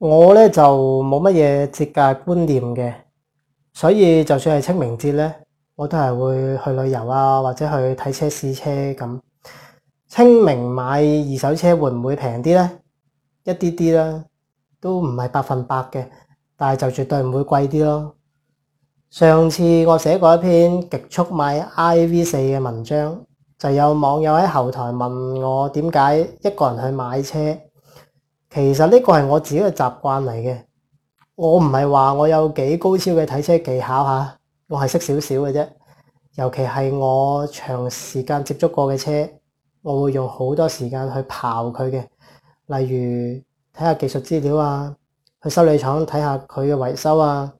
我咧就冇乜嘢節假觀念嘅，所以就算係清明節咧，我都係會去旅遊啊，或者去睇車試車咁。清明買二手車會唔會平啲呢？一啲啲啦，都唔係百分百嘅，但係就絕對唔會貴啲咯。上次我寫過一篇極速買 IV4 嘅文章，就有網友喺後台問我點解一個人去買車。其實呢個係我自己嘅習慣嚟嘅。我唔係話我有幾高超嘅睇車技巧吓，我係識少少嘅啫。尤其係我長時間接觸過嘅車，我會用好多時間去刨佢嘅。例如睇下技術資料啊，去修理廠睇下佢嘅維修啊，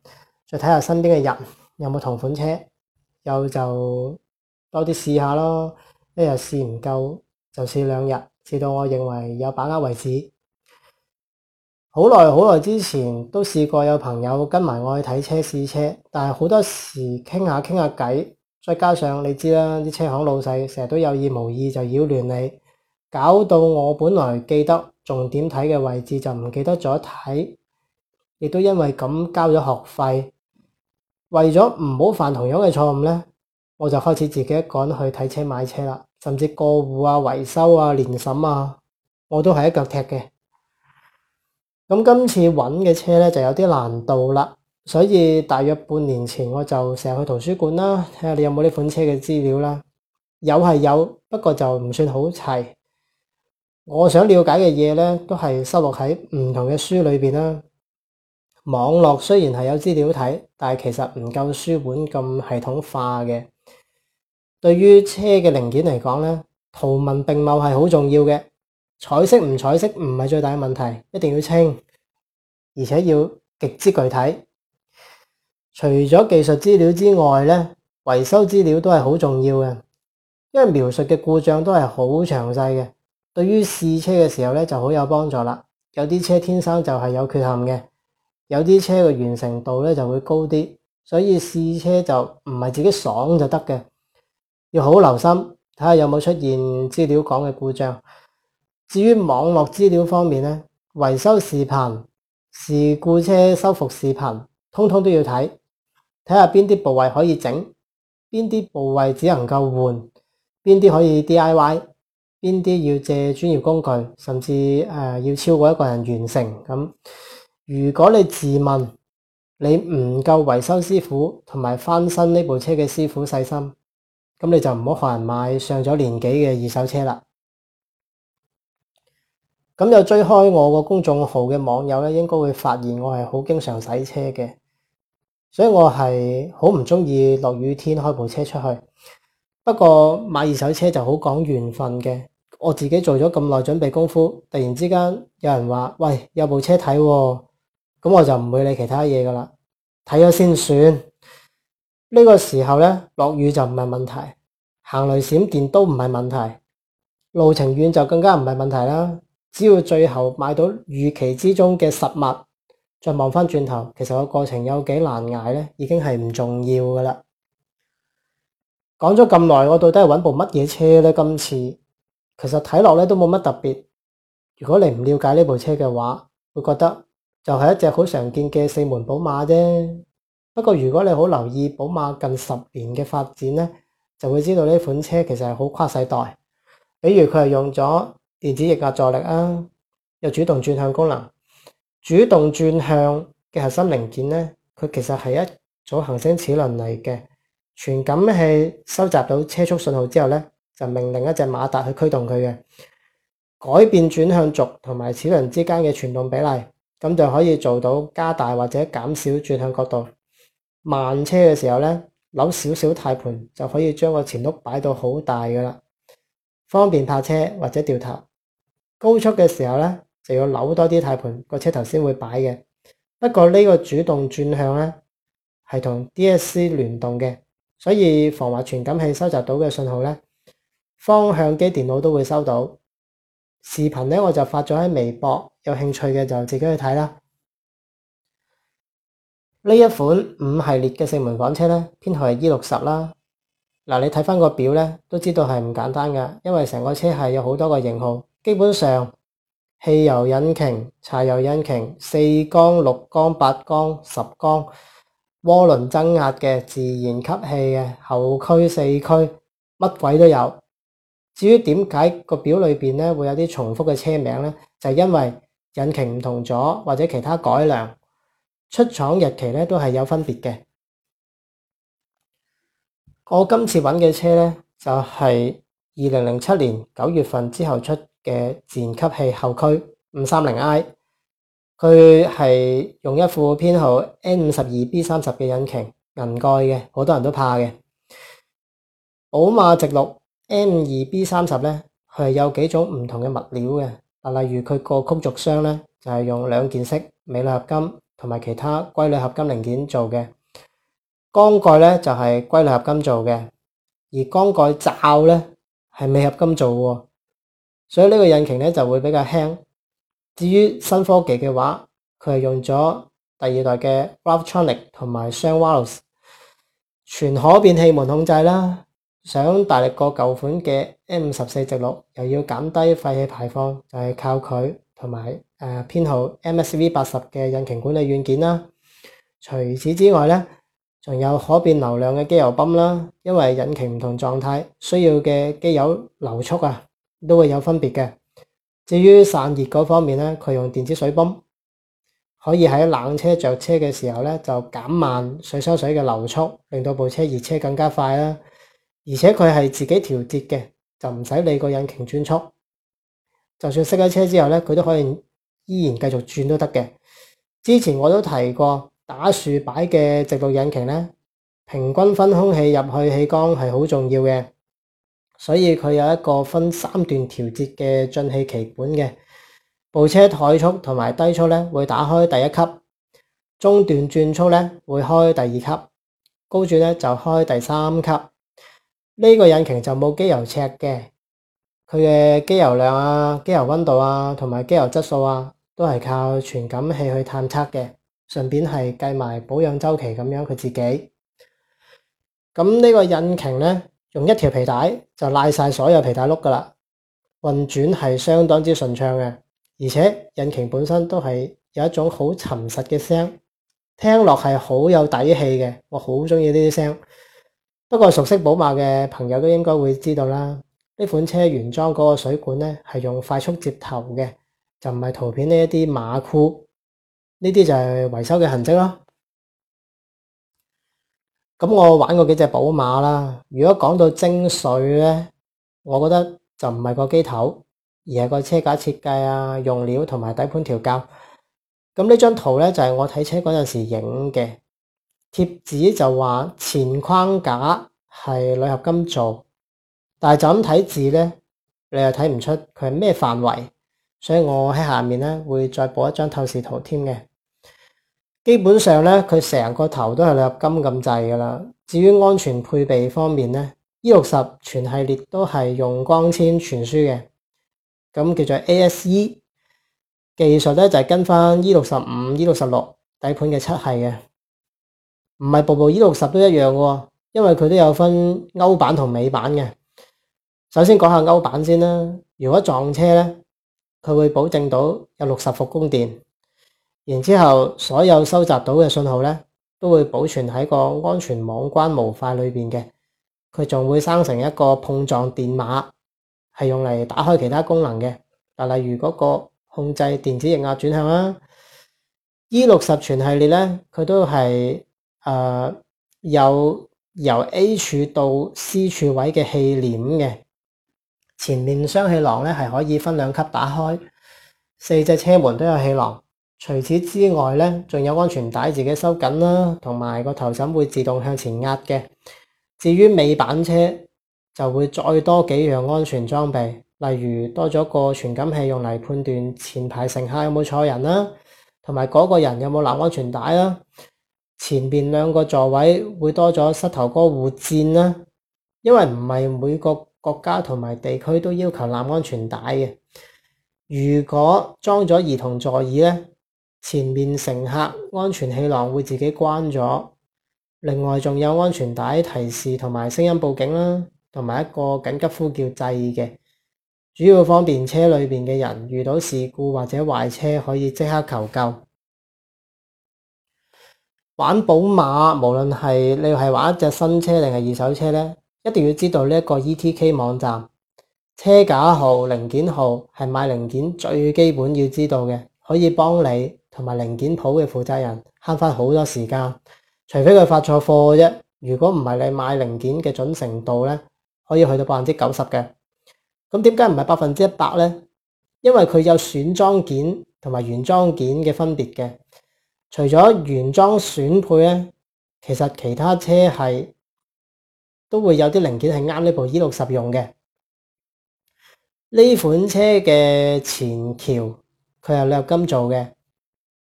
再睇下身邊嘅人有冇同款車，有就多啲試下咯。一日試唔夠就試兩日，至到我認為有把握為止。好耐好耐之前都試過有朋友跟埋我去睇車試車，但係好多時傾下傾下計，再加上你知啦，啲車行老細成日都有意無意就擾亂你，搞到我本來記得重點睇嘅位置就唔記得咗睇，亦都因為咁交咗學費，為咗唔好犯同樣嘅錯誤呢，我就開始自己一個人去睇車買車啦，甚至過戶啊、維修啊、年審啊，我都係一腳踢嘅。咁今次揾嘅車咧就有啲難度啦，所以大約半年前我就成日去圖書館啦，睇下你有冇呢款車嘅資料啦。有係有，不過就唔算好齊。我想了解嘅嘢咧，都係收落喺唔同嘅書裏邊啦。網絡雖然係有資料睇，但係其實唔夠書本咁系統化嘅。對於車嘅零件嚟講咧，圖文並茂係好重要嘅。彩色唔彩色唔係最大嘅問題，一定要清，而且要極之具體。除咗技術資料之外咧，維修資料都係好重要嘅，因為描述嘅故障都係好詳細嘅，對於試車嘅時候咧就好有幫助啦。有啲車天生就係有缺陷嘅，有啲車嘅完成度咧就會高啲，所以試車就唔係自己爽就得嘅，要好留心，睇下有冇出現資料講嘅故障。至於網絡資料方面咧，維修視頻、事故車修復視頻，通通都要睇，睇下邊啲部位可以整，邊啲部位只能夠換，邊啲可以 DIY，邊啲要借專業工具，甚至誒、呃、要超過一個人完成。咁如果你自問你唔夠維修師傅同埋翻新呢部車嘅師傅細心，咁你就唔好學人買上咗年紀嘅二手車啦。咁又追開我個公眾號嘅網友咧，應該會發現我係好經常洗車嘅，所以我係好唔中意落雨天開部車出去。不過買二手車就好講緣分嘅，我自己做咗咁耐準備功夫，突然之間有人話：喂，有部車睇喎，咁我就唔會理其他嘢㗎喇，睇咗先算。呢個時候咧，落雨就唔係問題，行雷閃電都唔係問題，路程遠就更加唔係問題啦。只要最後買到預期之中嘅實物，再望翻轉頭，其實個過程有幾難捱呢，已經係唔重要㗎喇。講咗咁耐，我到底係揾部乜嘢車呢？今次其實睇落嚟都冇乜特別。如果你唔了解呢部車嘅話，會覺得就係一隻好常見嘅四門寶馬啫。不過如果你好留意寶馬近十年嘅發展呢，就會知道呢款車其實係好跨世代。比如佢係用咗電子液壓助力啊，有主動轉向功能。主動轉向嘅核心零件呢，佢其實係一組行星齒輪嚟嘅。傳感器收集到車速信號之後呢，就命令一隻馬達去驅動佢嘅，改變轉向軸同埋齒輪之間嘅傳動比例，咁就可以做到加大或者減少轉向角度。慢車嘅時候呢，扭少少軚盤就可以將個前轆擺到好大㗎喇，方便泊車或者掉頭。高速嘅時候咧，就要扭多啲軚盤，個車頭先會擺嘅。不過呢個主動轉向咧係同 DSC 聯動嘅，所以防滑傳感器收集到嘅信號咧，方向機電腦都會收到。視頻咧我就發咗喺微博，有興趣嘅就自己去睇啦。呢一款五系列嘅四門房車咧，編號係 E60 啦。嗱、呃，你睇翻個表咧，都知道係唔簡單㗎，因為成個車係有好多個型號。基本上，汽油引擎、柴油引擎、四缸、六缸、八缸、十缸，渦輪增壓嘅、自然吸氣嘅、後驅、四驅，乜鬼都有。至於點解個表裏邊咧會有啲重複嘅車名咧，就係因為引擎唔同咗，或者其他改良，出廠日期咧都係有分別嘅。我今次揾嘅車咧，就係二零零七年九月份之後出。嘅自然吸氣後驅五三零 I，佢係用一副編號 N 五十二 B 三十嘅引擎銀蓋嘅，好多人都怕嘅。寶馬直六 M 二 B 三十咧，佢係有幾種唔同嘅物料嘅。啊，例如佢個曲軸箱咧，就係用兩件式鎂鋁合金同埋其他硅鋁合金零件做嘅。缸蓋咧就係硅鋁合金做嘅，而缸蓋罩咧係鎂合金做嘅。所以呢個引擎咧就會比較輕。至於新科技嘅話，佢係用咗第二代嘅 Valvetronic 同埋雙 VANOS 全可變氣門控制啦。想大力過舊款嘅 M 五十四直六，又要減低廢氣排放，就係靠佢同埋誒編號 MSV 八十嘅引擎管理軟件啦。除此之外咧，仲有可變流量嘅機油泵啦，因為引擎唔同狀態需要嘅機油流速啊，都會有分別嘅。至於散熱嗰方面咧，佢用電子水泵，可以喺冷車着車嘅時候咧就減慢水箱水嘅流速，令到部車熱車更加快啦。而且佢係自己調節嘅，就唔使理個引擎轉速。就算熄咗車之後咧，佢都可以依然繼續轉都得嘅。之前我都提過打豎擺嘅直六引擎咧，平均分空氣入去氣缸係好重要嘅。所以佢有一個分三段調節嘅進氣歧管嘅，部車怠速同埋低速咧會打開第一級，中段轉速咧會開第二級，高轉咧就開第三級。呢個引擎就冇機油尺嘅，佢嘅機油量啊、機油温度啊同埋機油質素啊，都係靠傳感器去探測嘅，順便係計埋保養周期咁樣佢自己。咁呢個引擎咧，用一條皮帶就拉晒所有皮帶轆噶啦，運轉係相當之順暢嘅，而且引擎本身都係有一種好沉實嘅聲，聽落係好有底氣嘅，我好中意呢啲聲。不過熟悉寶馬嘅朋友都應該會知道啦，呢款車原裝嗰個水管呢係用快速接頭嘅，就唔係圖片呢一啲馬箍，呢啲就係維修嘅痕跡咯。咁我玩過幾隻寶馬啦。如果講到精髓咧，我覺得就唔係個機頭，而係個車架設計啊、用料同埋底盤調校。咁呢張圖咧就係我睇車嗰陣時影嘅貼紙，就話前框架係鋁合金做，但係就咁睇字咧，你又睇唔出佢係咩範圍，所以我喺下面咧會再補一張透視圖添嘅。基本上咧，佢成個頭都係鋁合金咁製噶啦。至於安全配備方面咧，E 六十全系列都係用光纖傳輸嘅，咁叫做 ASE 技術咧，就係跟翻 E 六十五、E 六十六底盤嘅七係嘅，唔係部部 E 六十都一樣嘅，因為佢都有分歐版同美版嘅。首先講下歐版先啦，如果撞車咧，佢會保證到有六十伏供電。然之後，所有收集到嘅信號咧，都會保存喺個安全網關模塊裏邊嘅。佢仲會生成一個碰撞電碼，係用嚟打開其他功能嘅。啊，例如嗰個控制電子液壓轉向啊。E 六十全系列咧，佢都係誒、呃、有由 A 柱到 C 柱位嘅氣簾嘅。前面雙氣囊咧係可以分兩級打開，四隻車門都有氣囊。除此之外呢，仲有安全帶自己收緊啦，同埋個頭枕會自動向前壓嘅。至於美版車就會再多幾樣安全裝備，例如多咗個傳感器用嚟判斷前排乘客有冇坐人啦，同埋嗰個人有冇攬安全帶啦。前面兩個座位會多咗膝頭哥護墊啦，因為唔係每個國家同埋地區都要求攬安全帶嘅。如果裝咗兒童座椅呢？前面乘客安全氣囊會自己關咗，另外仲有安全帶提示同埋聲音報警啦，同埋一個緊急呼叫掣嘅，主要方便車裏面嘅人遇到事故或者壞車可以即刻求救。玩寶馬，無論係你係玩一隻新車定係二手車呢，一定要知道呢一個 ETK 網站車架號零件號係買零件最基本要知道嘅，可以幫你。同埋零件鋪嘅負責人慳翻好多時間，除非佢發錯貨啫。如果唔係你買零件嘅準程度咧，可以去到百分之九十嘅。咁點解唔係百分之一百咧？因為佢有選裝件同埋原裝件嘅分別嘅。除咗原裝選配咧，其實其他車系都會有啲零件係啱呢部 E 六十用嘅。呢款車嘅前橋佢係鋁合金做嘅。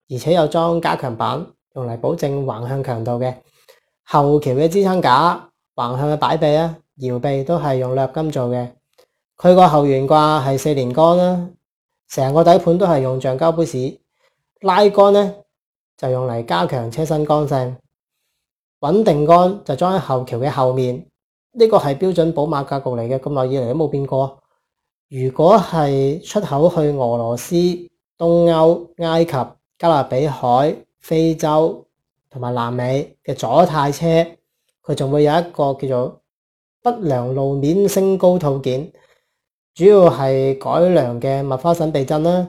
而且又裝加強板，用嚟保證橫向強度嘅後橋嘅支撐架、橫向嘅擺臂啊、搖臂都係用鋁合金做嘅。佢個後懸掛係四連桿啦，成個底盤都係用橡膠杯士拉桿咧，就用嚟加強車身剛性。穩定桿就裝喺後橋嘅後面，呢個係標準寶馬格局嚟嘅，咁耐以嚟都冇變過。如果係出口去俄羅斯、東歐、埃及、加勒比海、非洲同埋南美嘅佐泰車，佢仲會有一個叫做不良路面升高套件，主要係改良嘅麥花臣避震啦、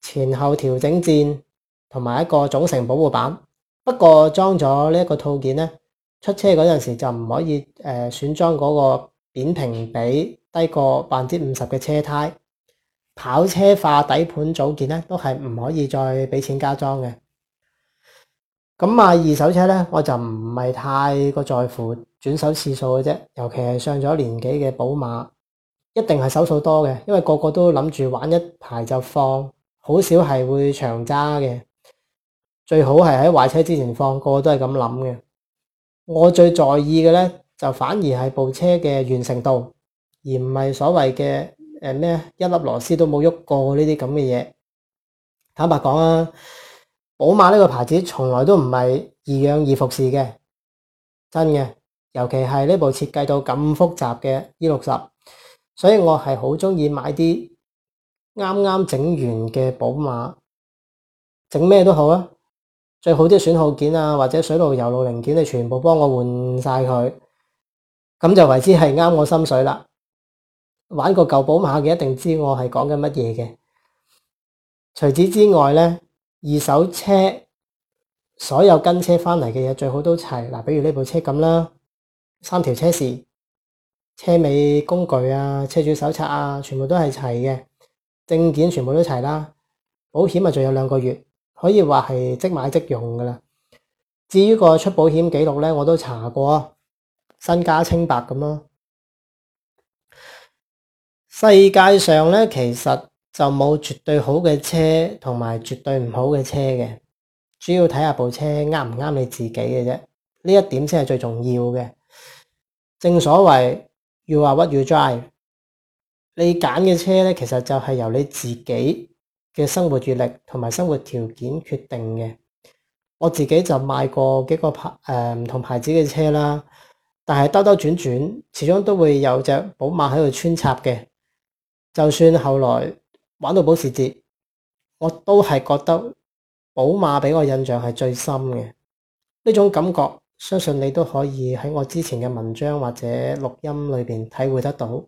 前後調整墊同埋一個總成保護板。不過裝咗呢一個套件咧，出車嗰陣時就唔可以誒，選裝嗰個扁平比低過百分之五十嘅車胎。跑車化底盤組件咧，都係唔可以再俾錢加裝嘅。咁買二手車咧，我就唔係太過在乎轉手次數嘅啫，尤其係上咗年紀嘅寶馬，一定係手數多嘅，因為個個都諗住玩一排就放，好少係會長揸嘅。最好係喺壞車之前放，個個都係咁諗嘅。我最在意嘅咧，就反而係部車嘅完成度，而唔係所謂嘅。係咩？一粒螺絲都冇喐過呢啲咁嘅嘢。坦白講啊，寶馬呢個牌子從來都唔係易養易服侍嘅，真嘅。尤其係呢部設計到咁複雜嘅 E 六十，所以我係好中意買啲啱啱整完嘅寶馬，整咩都好啊。最好啲損耗件啊，或者水路油路零件，你全部幫我換晒佢，咁就為之係啱我心水啦。玩過舊寶馬嘅一定知我係講緊乜嘢嘅。除此之外咧，二手車所有跟車翻嚟嘅嘢最好都齊。嗱，比如呢部車咁啦，三條車匙、車尾工具啊、車主手冊啊，全部都係齊嘅。證件全部都齊啦，保險啊仲有兩個月，可以話係即買即用噶啦。至於個出保險記錄咧，我都查過，身家清白咁咯。世界上咧，其實就冇絕對好嘅車同埋絕對唔好嘅車嘅，主要睇下部車啱唔啱你自己嘅啫，呢一點先係最重要嘅。正所謂，you are what you drive。你揀嘅車咧，其實就係由你自己嘅生活閱歷同埋生活條件決定嘅。我自己就買過幾個牌誒唔、呃、同牌子嘅車啦，但係兜兜轉轉，始終都會有隻寶馬喺度穿插嘅。就算後來玩到保時捷，我都係覺得寶馬畀我印象係最深嘅。呢種感覺，相信你都可以喺我之前嘅文章或者錄音裏邊體會得到。